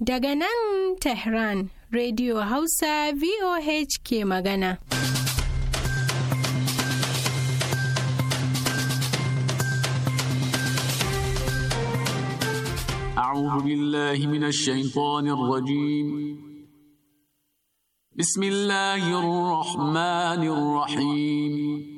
Daga nan Tehran, Radio Hausa, VOH ke magana. A'udhu billahi min ash-shaytanir rajim. Bismillahirrahmanirrahim. Bismillahirrahmanirrahim.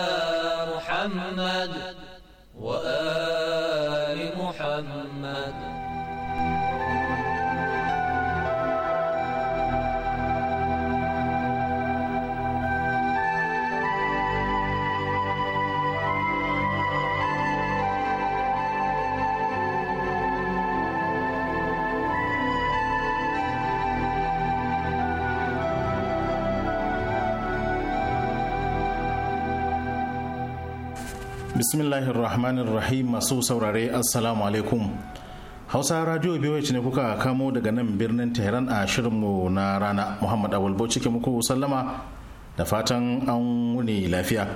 bismillahir rahmanir masu saurare assalamu alaikum hausa radio biyu ne kuka kamo daga nan birnin tehran a shirinmu na rana muhammad abulbo cike muku sallama da fatan an wuni lafiya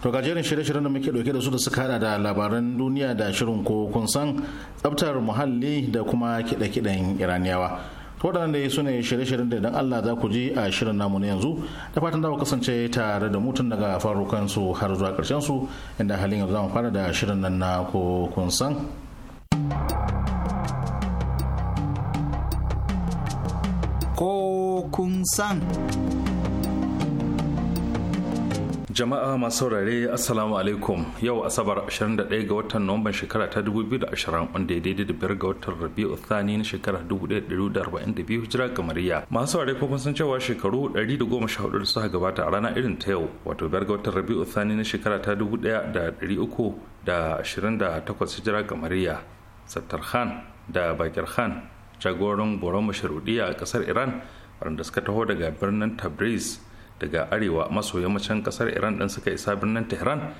to gajeren shirye-shiryen da muke dauke da su da suka hada da labaran duniya da shirin ko kun san tsabtar muhalli da kuma kiɗe-kiɗen iraniyawa waɗannan dai su ne shirye-shiryen da idan Allah za ku ji a shirin namu na yanzu da fatan zaku kasance tare da mutum daga farukan su har zuwa ƙarshen su inda halin yanzu zamu fara da shirin nan na ko kun san. Ko kun san. jama'a masu saurare assalamu alaikum yau asabar 21 ga watan nuwamban shekara ta 2020 wanda ya daidai da biyar ga watan rabi'u thani na shekara 1442 hijira Mariya. masu saurare kuma sun cewa shekaru 114 da suka gabata a rana irin ta yau wato biyar ga watan rabi'u thani na shekara ta 1328 hijira Mariya. sattar khan da bakir khan jagoran boron masharudiya a kasar iran waɗanda suka taho daga birnin tabriz daga arewa maso yammacin kasar iran din suka isa birnin tehran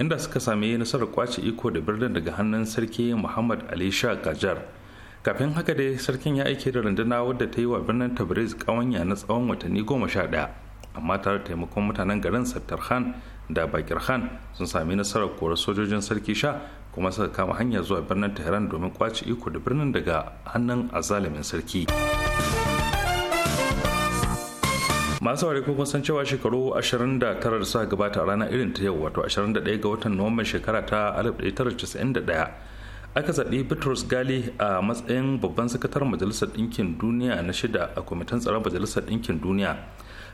inda suka sami nasarar kwace iko da birnin daga hannun sarki muhammad ali sha gajar kafin haka dai sarkin ya aike da runduna wadda ta yi wa birnin tabriz kawanya na tsawon watanni goma sha daya amma tare da taimakon mutanen garin sattar khan da bakir khan sun sami nasarar korar sojojin sarki sha kuma suka kama hanya zuwa birnin tehran domin kwace iko da birnin daga hannun azalimin sarki masu wari ko san cewa shekaru 29 da suka gabata a ranar irin ta yau wato 21 ga watan nuwamban shekara ta 1991 aka zaɓi bitrus gali a matsayin babban sakatar majalisar ɗinkin duniya na shida a kwamitin tsaron majalisar ɗinkin duniya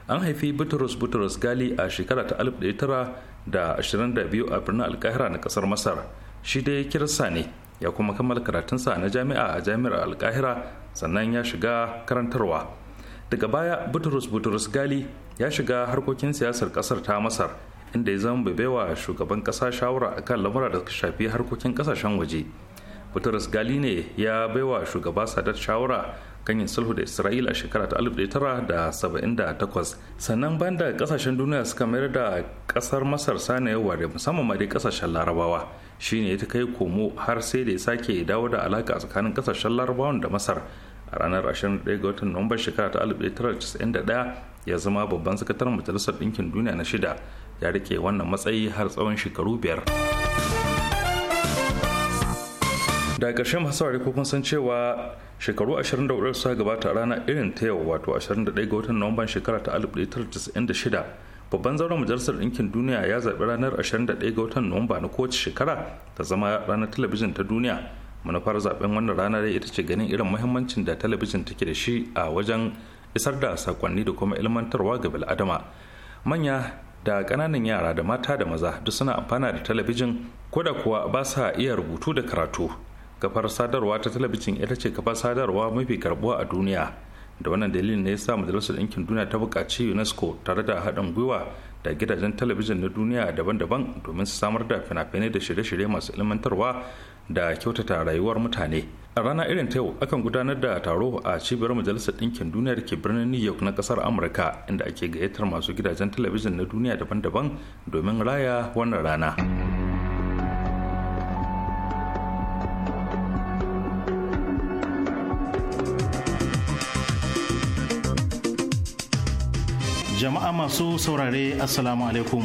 an haifi bitrus bitrus gali a shekara ta 1922 a birnin alkahira na ƙasar masar shi dai kirsa ne ya kuma kammala karatunsa na jami'a a jami'ar alkahira sannan ya shiga karantarwa daga baya butrus butrus gali ya shiga harkokin siyasar kasar ta masar inda ya zama baiwa shugaban kasa shawara akan lamura da shafi harkokin kasashen waje butrus gali ne ya baiwa shugaba sadat shawara kan yin sulhu da isra'ila a shekara ta 1978 sannan banda kasashen duniya suka mayar da kasar masar yawa da musamman ma dai kasashen larabawa shine ta kai komo har sai da ya sake dawo da alaka a tsakanin kasashen larabawan da masar a ranar 21 ga watan nuwamban shekara ta 1991 ya zama babban sakataren majalisar ɗinkin duniya na shida ya rike wannan matsayi har tsawon shekaru biyar da ƙarshen masu ko kun san cewa shekaru 24 suka gabata rana irin ta yau wato 21 ga watan nuwamban shekara ta 1996 babban zauren majalisar ɗinkin duniya ya zaɓi ranar 21 ga watan nuwamba na kowace shekara ta zama ranar talabijin ta duniya manufar zaben wannan rana dai ita ce ganin irin muhimmancin da talabijin take da shi a wajen isar da sakonni da kuma ilmantarwa ga bil'adama manya da kananan yara da mata da maza duk suna amfana da talabijin ko da kuwa ba sa iya rubutu da karatu kafar sadarwa ta talabijin ita ce kafar sadarwa mafi karbuwa a duniya da wannan dalilin ne ya sa majalisar ɗinkin duniya ta buƙaci unesco tare da haɗin gwiwa da gidajen talabijin na duniya daban-daban domin su samar da fina-finai da shirye-shirye masu ilmantarwa da kyautata rayuwar mutane a rana irin ta yau akan gudanar da taro a cibiyar majalisar ɗinkin duniya da ke birnin new york na ƙasar amurka inda ake gayyatar masu gidajen talabijin na duniya daban-daban domin raya wannan rana jama'a masu saurare assalamu alaikum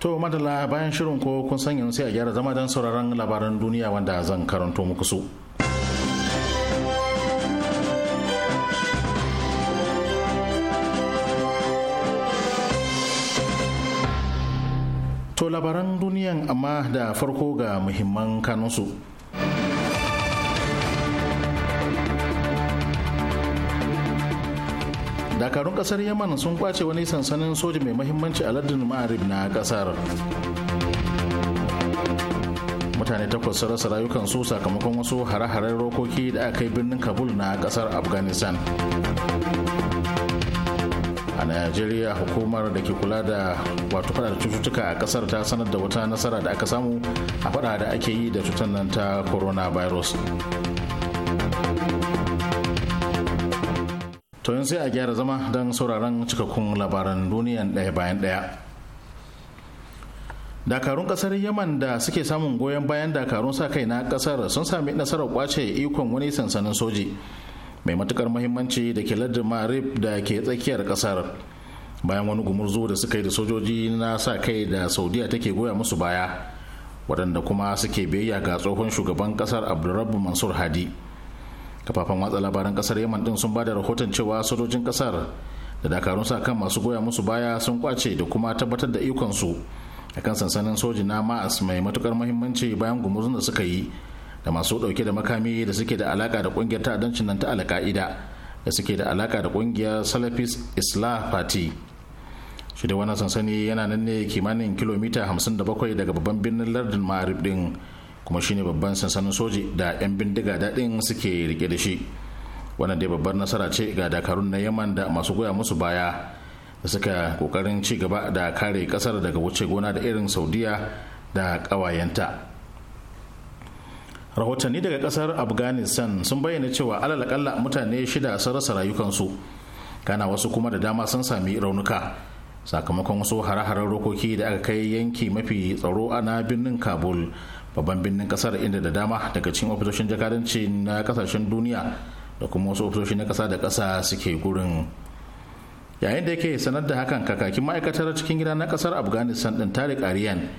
To madala bayan shirin ko kun san yanzu sai a gyara zama don sauraron labaran duniya wanda zan karanto muku su. To labaran duniyan amma da farko ga muhimman kanunsu. dakarun kasar yaman sun kwace wani sansanin soja mai mahimmanci a lardin ma'arib na kasar mutane takwas sun rasa rayukan su sakamakon wasu hare-haren rokoki da aka yi birnin kabul na kasar afghanistan a najeriya hukumar da ke kula da wato fada cututtuka a kasar ta sanar da wata nasara da aka samu a fada da ake yi da cutar nan ta coronavirus to yanzu sai a gyara zama don sauraron cikakkun labaran duniyan ɗaya bayan ɗaya dakarun kasar yaman da suke samun goyon bayan dakarun sa kai na kasar sun sami nasarar kwace ikon wani sansanin soji mai matukar muhimmanci da ke lardin marib da ke tsakiyar kasar bayan wani gumurzu da suka yi da sojoji na sa kai da saudiya take goya musu baya waɗanda kuma suke biyayya ga tsohon shugaban kasar abdurrabu mansur hadi kafafen watsa labaran kasar yaman din sun ba da rahoton cewa sojojin kasar da dakarun sa kan masu goya musu baya sun kwace da kuma tabbatar da ikonsu a kan sansanin soji na ma'as mai matukar muhimmanci bayan gumurzun da suka yi da masu dauke da makami da suke da alaka da kungiyar ta'addancin nan ta alka'ida da suke da alaka da kungiyar salafis isla party shi da wannan sansani yana nan ne kimanin kilomita 57 daga babban birnin lardin ma'arib din kuma shine babban sansanin soji da 'yan bindiga daɗin suke rike da shi wannan dai babbar nasara ce ga dakarun na yaman da masu goya musu baya da suka kokarin ci gaba da kare kasar daga wuce gona da irin saudiya da ƙawayenta rahotanni daga kasar afghanistan sun bayyana cewa alalakalla mutane shida sun rasa rayukansu kana wasu kuma da dama sun sami raunuka sakamakon wasu hare-haren rokoki da aka kai yanki mafi tsaro na birnin kabul babban birnin kasar inda da dama daga cikin ofisoshin jakadanci na kasashen duniya da kuma wasu ofisoshi na kasa da kasa suke gurin yayin da yake sanar da hakan kakakin ma'aikatar cikin gida na kasar afghanistan din tarik ariyan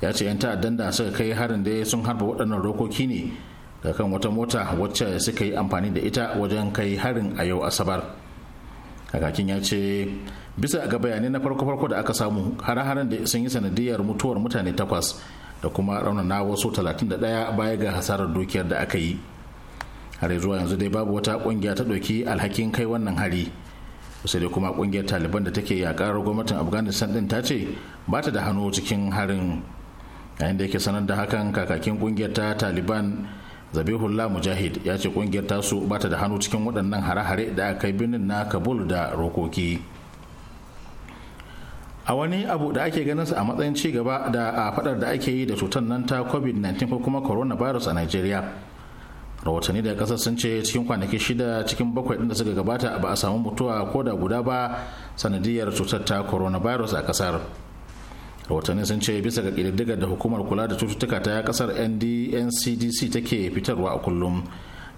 ya ce 'yan ta'addan da suka kai harin da sun harba waɗannan rokoki ne da kan wata mota wacce suka yi amfani da ita wajen kai harin a yau asabar kakakin ya ce bisa ga bayanai na farko-farko da aka samu hare-haren da sun yi sanadiyar mutuwar mutane takwas da kuma raunana wasu 31 baya ga hasarar dukiyar da aka yi har zuwa yanzu dai babu wata kungiya ta ɗauki alhakin kai wannan hari sai dai kuma kungiyar taliban da take yakar gwamnatin afghanistan din ta ce ba ta da hannu cikin harin yayin da yake sanar da hakan kakakin kungiyar ta taliban zabihullah mujahid ya ce kungiyar tasu ba ta da hannu cikin waɗannan hare-hare da aka yi birnin na kabul da rokoki. a wani abu da ake ganin sa a matsayin ci gaba da a fadar da ake yi da cutar nan ta covid-19 ko kuma coronavirus a nigeria rahotanni da kasar sun ce cikin kwanaki shida cikin bakwai din da suka gabata ba a samu mutuwa ko da guda ba sanadiyar cutar ta coronavirus a kasar rahotanni sun ce bisa ga kididdigar da hukumar kula da cututtuka ta kasar ndncdc take fitarwa a kullum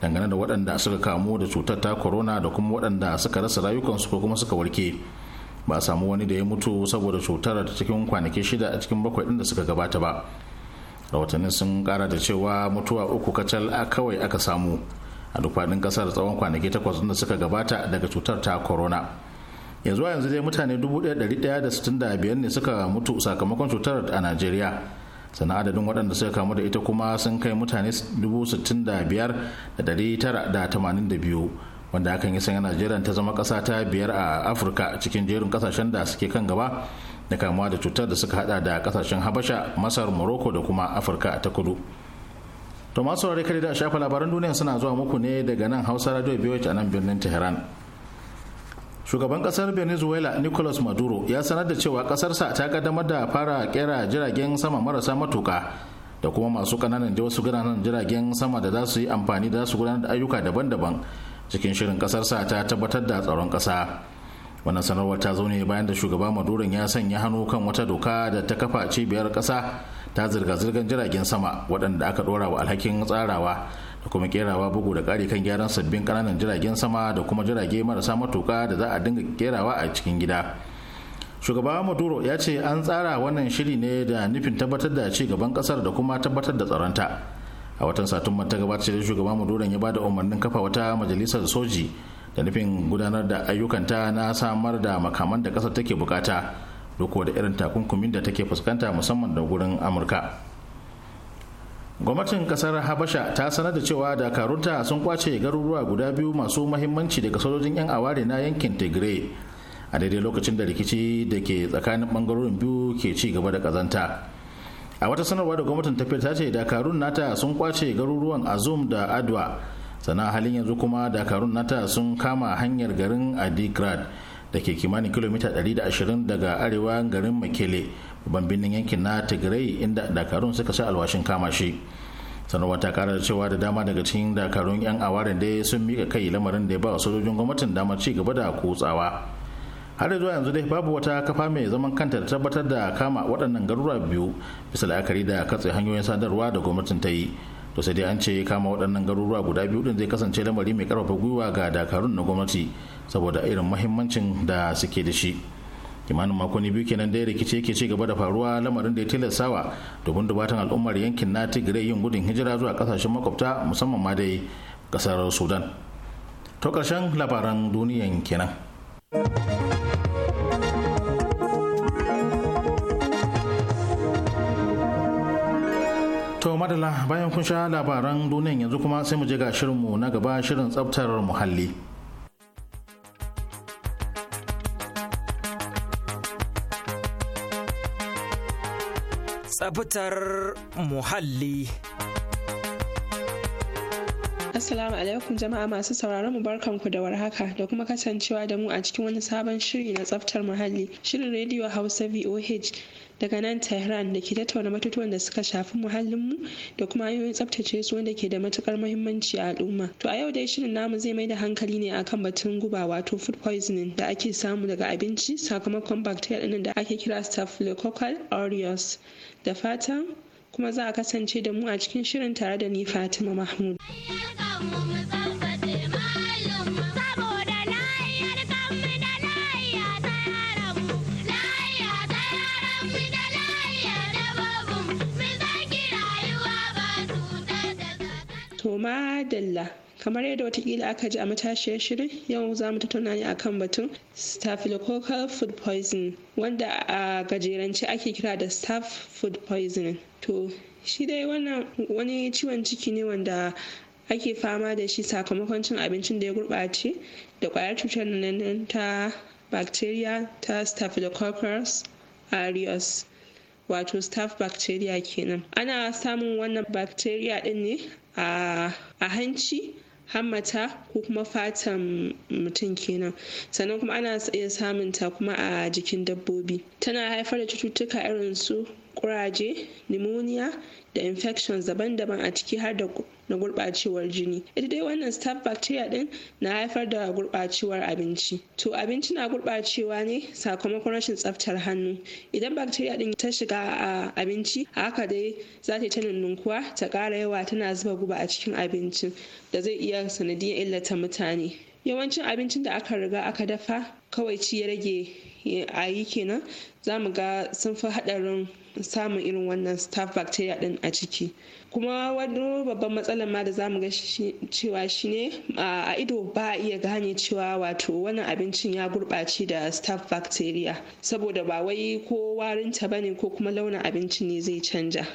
dangane da waɗanda suka kamu da cutar ta corona da kuma waɗanda suka rasa rayukansu ko kuma suka warke ba a samu wani da ya mutu saboda cutar ta cikin kwanaki shida a cikin bakwai din da suka gabata ba rahotannin sun kara da cewa mutuwa uku kacal a kawai aka samu a duk faɗin ƙasar tsawon kwanaki takwas da suka gabata daga cutar ta corona yanzu a yanzu dai mutane 1165 ne suka mutu sakamakon cutar a najeriya sana adadin waɗanda suka kamu da ita kuma sun kai mutane da 65,982 wanda hakan ya sanya najeriya ta zama kasa ta biyar a afirka cikin jerin kasashen da suke kan gaba da kamuwa da cutar da suka hada da kasashen habasha masar morocco da kuma afirka ta kudu to masu saurari kare da shafa labaran duniya suna zuwa muku ne daga nan hausa radio biyu a nan birnin tehran shugaban kasar venezuela nicolas maduro ya sanar da cewa kasarsa ta kaddamar da fara kera jiragen sama marasa matuka da kuma masu kananan da wasu gudanar jiragen sama da za su yi amfani da su gudanar da ayyuka daban-daban cikin shirin kasarsa ta tabbatar da tsaron kasa wannan sanarwar ta zo ne bayan da shugaba maduron ya sanya hannu kan wata doka da ta kafa cibiyar kasa ta zirga-zirgar jiragen sama waɗanda aka ɗora wa alhakin tsarawa da kuma kerawa bugu da ƙari kan gyaran sabbin ƙananan jiragen sama da kuma jirage marasa matuka da za a dinga kerawa a cikin gida shugaba maduro ya ce an tsara wannan shiri ne da nufin tabbatar da ci gaban ƙasar da kuma tabbatar da tsaronta a watan satumba ta gabata da shugaban maduran ya bada umarnin kafa wata majalisar soji da nufin gudanar da ayyukanta na samar da makaman da kasar take bukata duk da irin takunkumin da take fuskanta musamman da gurin amurka gwamnatin kasar habasha ta sanar da cewa dakarunta sun kwace garuruwa guda biyu masu mahimmanci daga sojojin yan aware na yankin tigray a daidai lokacin da rikici da ke tsakanin bangarorin biyu ke ci gaba da kazanta a wata sanarwa da gwamnatin tafiya ta ce dakarun nata sun kwace garuruwan azum da adwa sana halin yanzu kuma dakarun nata sun kama hanyar garin adigrad da ke kimanin kilomita 120 daga arewa garin makele babban birnin yankin na tigray inda dakarun suka sa alwashin kama shi sanarwa ta kara da cewa da dama daga cikin dakarun yan awarin da sun mika kai lamarin da ya ba sojojin gwamnatin damar ci gaba da kutsawa har zuwa yanzu dai babu wata kafa mai zaman kanta da tabbatar da kama waɗannan garuruwa biyu bisa la'akari da katse hanyoyin sadarwa da gwamnatin ta yi to sai dai an ce kama waɗannan garuruwa guda biyu din zai kasance lamari mai karfafa gwiwa ga dakarun na gwamnati saboda irin mahimmancin da suke da shi kimanin makonni biyu kenan da rikice yake ci gaba da faruwa lamarin da ya tilastawa domin dubatan al'ummar yankin na tigray yin gudun hijira zuwa kasashen makwabta musamman ma dai kasar sudan to karshen labaran duniyan kenan To madala bayan kun sha labaran duniyan yanzu kuma sai mu je ga shirinmu na gaba shirin tsabtar muhalli. tsabtar muhalli. Assalamu alaikum jama'a masu sauraron mu barkanku da warhaka da kuma kasancewa da mu a cikin wani sabon shiri na tsaftar muhalli. Shirin rediyo Hausa VOH daga nan tehran da ke tattauna matutuwan da suka shafi muhallinmu da kuma hanyoyin tsabtace su wanda ke da matukar muhimmanci a al'umma to a yau dai shirin namu zai mai da hankali ne akan batun guba wato food poisoning da ake samu daga abinci sakamakon bacteria ɗin da ake kira staphylococcal aureus da fata kuma za a kasance da mu a cikin shirin tare da ni fatima mahmud madalla kamar yadda watakila aka ji a matashiyar shirin yau za mu tattauna ne akan batun staphylococcal food poisoning wanda a gajerance ake kira da staph food poisoning to shi dai wannan wani ciwon ciki ne wanda ake fama da shi sakamakon cin abincin da ya gurɓace da ƙwayar cutar nan ta bacteria ta staphylococcus aureus wato staph bacteria kenan ana samun wannan bacteria din ne a hanci hammata ko kuma fatan mutum kenan sannan kuma ana iya samun ta kuma a jikin dabbobi tana haifar da cututtuka irin su Ƙuraje, pneumonia da infections daban-daban a ciki har da na gurɓacewar jini ita dai wannan staph bacteria din na haifar da gurɓacewar abinci to abinci na gurɓacewa ne sakamakon rashin tsaftar hannu idan bacteria din ta shiga a abinci haka dai za ta yi ta nunnunkuwa ta ƙara yawa tana zuba guba a cikin abincin da zai iya sanadiyar illata mutane yawancin abincin da aka riga aka dafa kawai ci ya rage a yi kenan za mu ga sun fi haɗarin samun irin wannan staph bacteria din a ciki kuma wani babban matsalar ma da za mu ga cewa shi ne a ido ba a iya gane cewa wato wannan abincin ya gurɓaci da staph bacteria saboda ba wai ko warinta ne ko kuma launin abinci ne zai canja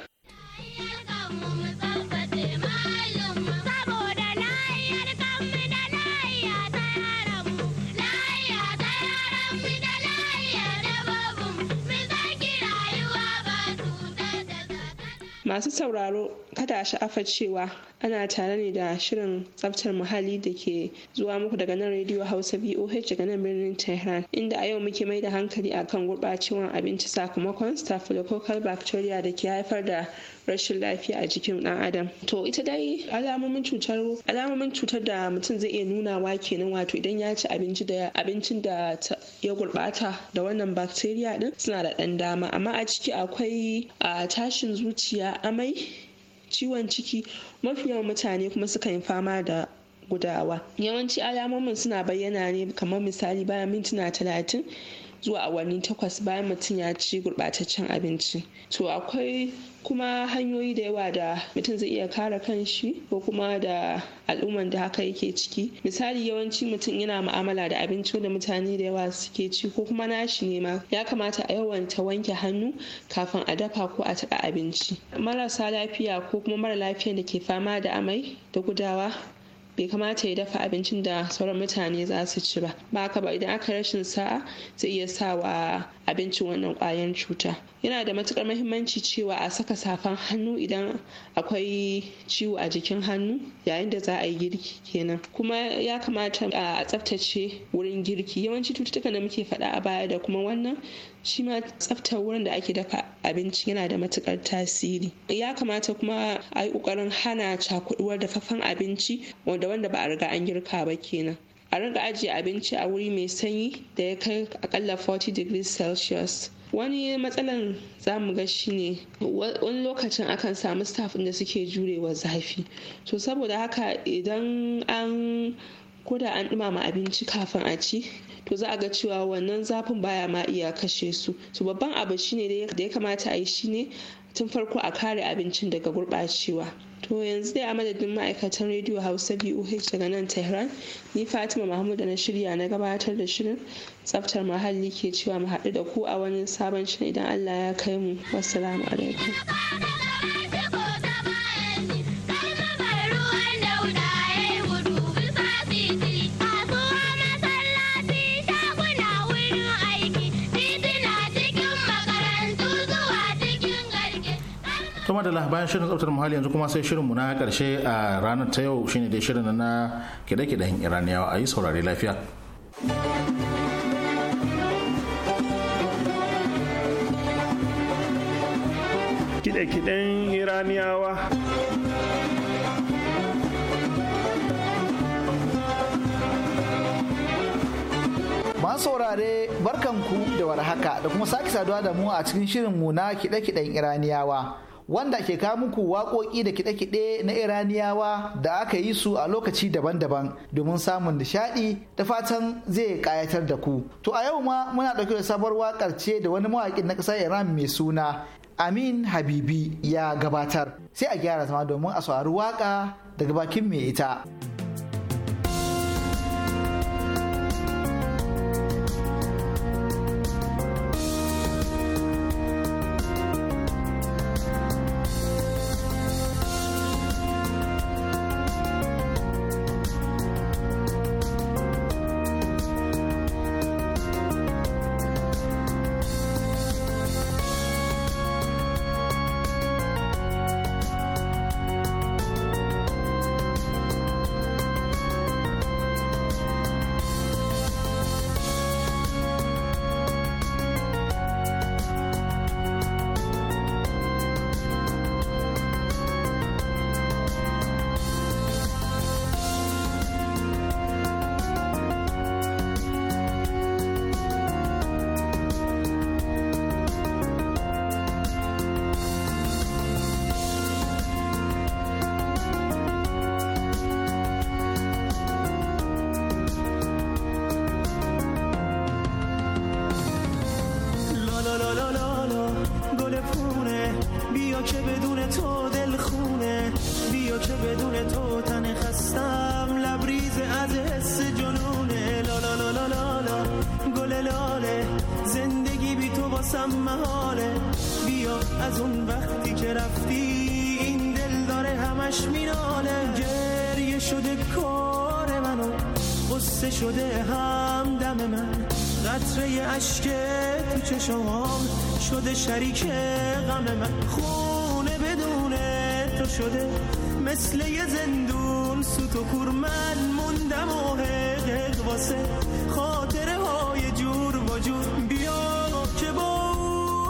masu sauraro kada a sha'afa cewa ana tare ne da shirin tsaftar muhalli da ke zuwa muku daga nan rediyo hausa voh daga nan birnin tehran inda a yau muke mai da hankali akan gurɓacewan abinci sakamakon staphylococcal bacteria da ke haifar da rashin lafiya a jikin ɗan adam to ita dai alamomin cutar alamomin cutar da mutum zai iya nunawa kenan wato idan ya ci abinci da abincin da ya gurɓata da wannan bacteria din suna da ɗan dama amma a ciki akwai ah, tashin zuciya amai ciwon ciki mafi yawan mutane kuma suka yi fama da gudawa yawanci alamomin suna bayyana ne kamar misali bayan mintuna talatin zuwa awanni takwas bayan mutum ya ci gurɓataccen abinci to akwai kuma hanyoyi da yawa da mutum zai iya kare kanshi ko kuma da al'umman da haka yake ciki misali yawanci mutum yana mu'amala da abinci da mutane da yawa suke ci ko kuma nashi ne ma ya kamata a yawanta wanke hannu kafin a dafa ko a taɓa abinci marasa lafiya ko kuma mara lafiyan da ke fama da amai da gudawa bai kamata ya dafa abincin da sauran mutane za su ci ba ba haka ba idan aka rashin sa'a zai iya sa wa abincin wannan kwayan cuta yana da matukar mahimmanci cewa a saka safan hannu idan akwai ciwo a jikin hannu yayin da za a yi girki kenan kuma ya kamata a tsaftace wurin girki yawanci cututtuka da muke faɗa a baya da kuma wannan shi ma tsaftar wurin da ake dafa abinci yana da matukar tasiri ya kamata kuma a yi kokarin hana cakuduwar dafaffen abinci wanda wanda ba a riga an girka ba kenan a riga ajiye abinci a wuri mai sanyi da ya kai akalla 40 degrees celsius wani matsalan zamu ga shine wani lokacin akan samu staff da suke jurewa zafi to saboda haka idan an koda an dumama abinci kafin a ci to za a ga cewa wannan zafin baya ma iya kashe su to babban abu shine da ya kamata a yi shine tun farko a kare abincin daga gurɓacewa to yanzu dai a madadin ma'aikatan rediyo hausa voh daga nan tehran ni fatima mahmud da na shirya na gabatar da shirin tsaftar muhalli ke cewa mu haɗu da ku a wani sabon shirin idan allah ya kai mu wasu alaikum to madalla bayan shirin tsaftar muhalli yanzu kuma sai shirinmu na karshe a ranar ta yau shine dai shirin na kide-kiden iraniyawa a yi saurare lafiya kide-kiden iraniyawa saurare barkanku da warhaka da kuma sake saduwa da mu a cikin shirinmu na kide-kiden iraniyawa wanda ke kawo muku waƙoƙi da kiɗe-kiɗe na iraniyawa da aka yi su a lokaci daban-daban domin samun nishaɗi da fatan zai ƙayatar da ku to a yau ma muna ɗauke da sabuwar waƙar ce da wani mawaƙin na ƙasar iran mai suna amin habibi ya gabatar sai a gyara zama domin a saurari waƙa daga bakin mai ita. شده هم دم من قطره عشق تو چشام شده شریک غم من خونه بدون تو شده مثل یه زندون سوت و کور من موندم و واسه خاطره های جور وجود جور بیا که با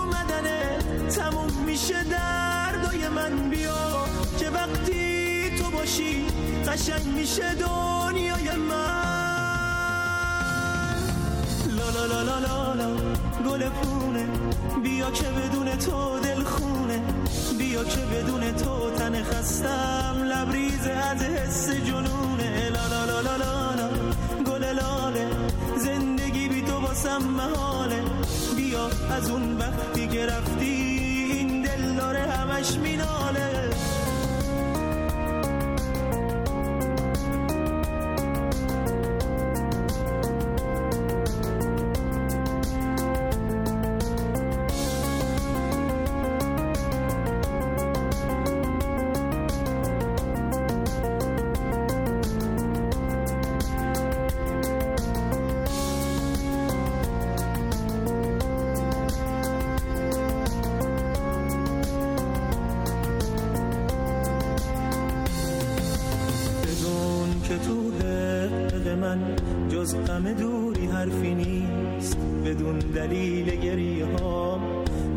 مدنه تموم میشه دردای من بیا که وقتی تو باشی قشنگ میشه دنیای من لا لا لا گل پونه بیا که بدون تو دل خونه بیا که بدون تو تن خستم لبریز از حس جنونه لا لا لا لا گل لاله زندگی بی تو باسم محاله بیا از اون وقتی که رفتی این دل داره همش میناله جز غم دوری حرفی نیست بدون دلیل گریه ها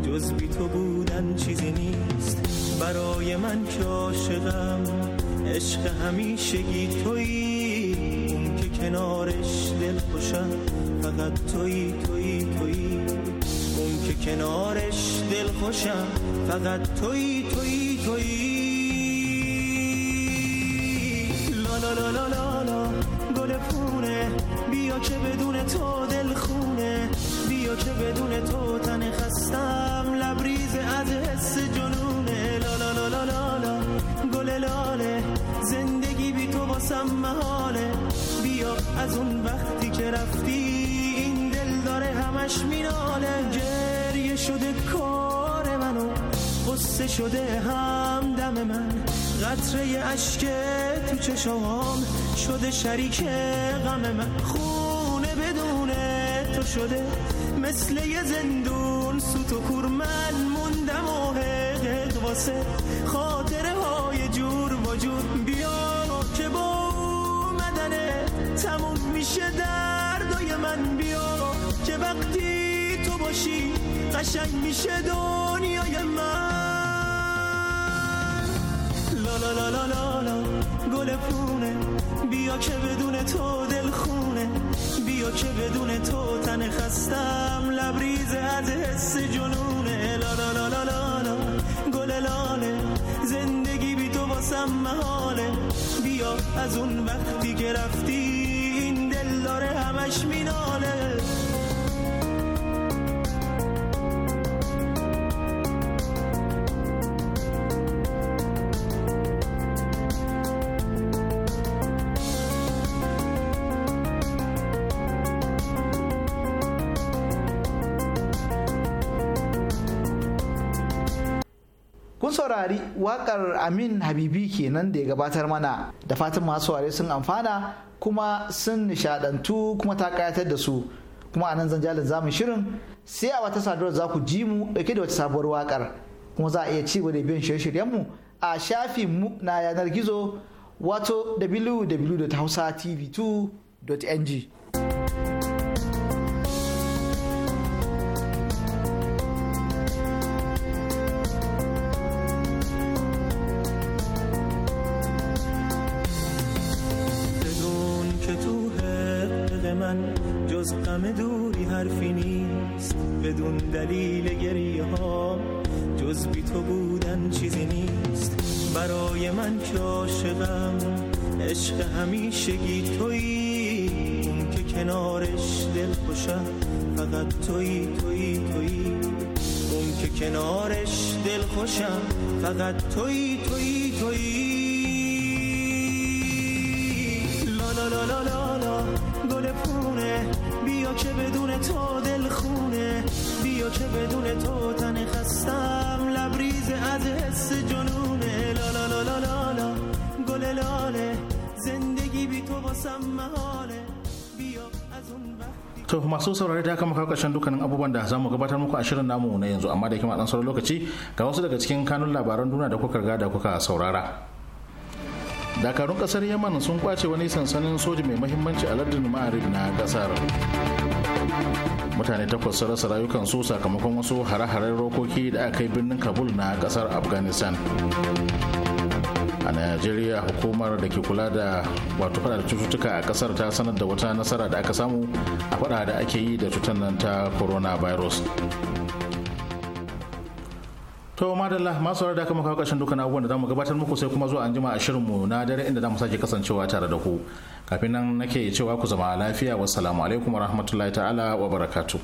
جز بی تو بودن چیزی نیست برای من که عاشقم عشق همیشگی تویی اون که کنارش دل خوشم فقط تویی تویی تویی اون که کنارش دل خوشم فقط تویی تویی تویی لا لا لا لا از اون وقتی که رفتی این دل داره همش میناله گریه شده کار منو قصه شده هم دم من قطره اشک تو چشوام شده شریک غم من خونه بدون تو شده مثل یه زندون سوت و کور من موندم و واسه پیش دردای من بیا که وقتی تو باشی قشنگ میشه دنیای من لا لا لا لا لا, لا گل پونه بیا که بدون تو دل خونه بیا که بدون تو تن خستم لبریز از حس جنونه لا لا لا لا لا, لا گل لاله زندگی بی تو واسم محاله بیا از اون وقتی که رفتی دل داره همش میناله wakar amin habibi kenan da ya gabatar mana da fatan masu ware sun amfana kuma sun nishadantu kuma ta kayatar da su kuma anan zan jalin zamu shirin sai a wata sadarwar za ku ji mu dauke da wata sabuwar wakar kuma za a iya ci da biyan shirye-shiryen mu a shafin mu na yanar gizo wato www.hausatv2.ng جز غم دوری حرفی نیست بدون دلیل گریه ها جز بی تو بودن چیزی نیست برای من که عاشقم عشق همیشگی تویی اون که کنارش دل خوشم فقط تویی تویی تویی اون که کنارش دل خوشم فقط تویی تویی تویی لا لا لا, لا بدون تو دل خونه بیا که بدون تو تن خستم لبریز از حس جنونه لا لا لا لا لا, لا گل لاله زندگی بی تو واسم محاله بیا از اون وقت to masu saurare da haka muka kawo dukkanin abubuwan da zamu gabatar muku a shirin namu na yanzu amma da kima dan sauran lokaci ga wasu daga cikin kanun labaran duniya da kuka riga da kuka saurara dakarun kasar yaman sun kwace wani sansanin soji mai muhimmanci a lardin ma'arib na kasar mutane takwas sun rasa su sakamakon wasu hare-haren rokoki da aka yi birnin kabul na kasar afghanistan a najeriya hukumar da ke kula da wato fada da cututtuka a kasar ta sanar da wata nasara da aka samu a fada da ake yi da cutar nan ta coronavirus to madalla masu da kuma kawo ƙarshen dukkan abubuwan da zamu gabatar muku sai kuma zuwa anjima a shirinmu na dare inda zamu sake kasancewa tare da ku kafin nan nake cewa ku zama lafiya wassalamu alaikum wa rahmatullahi ta'ala wa barakatu.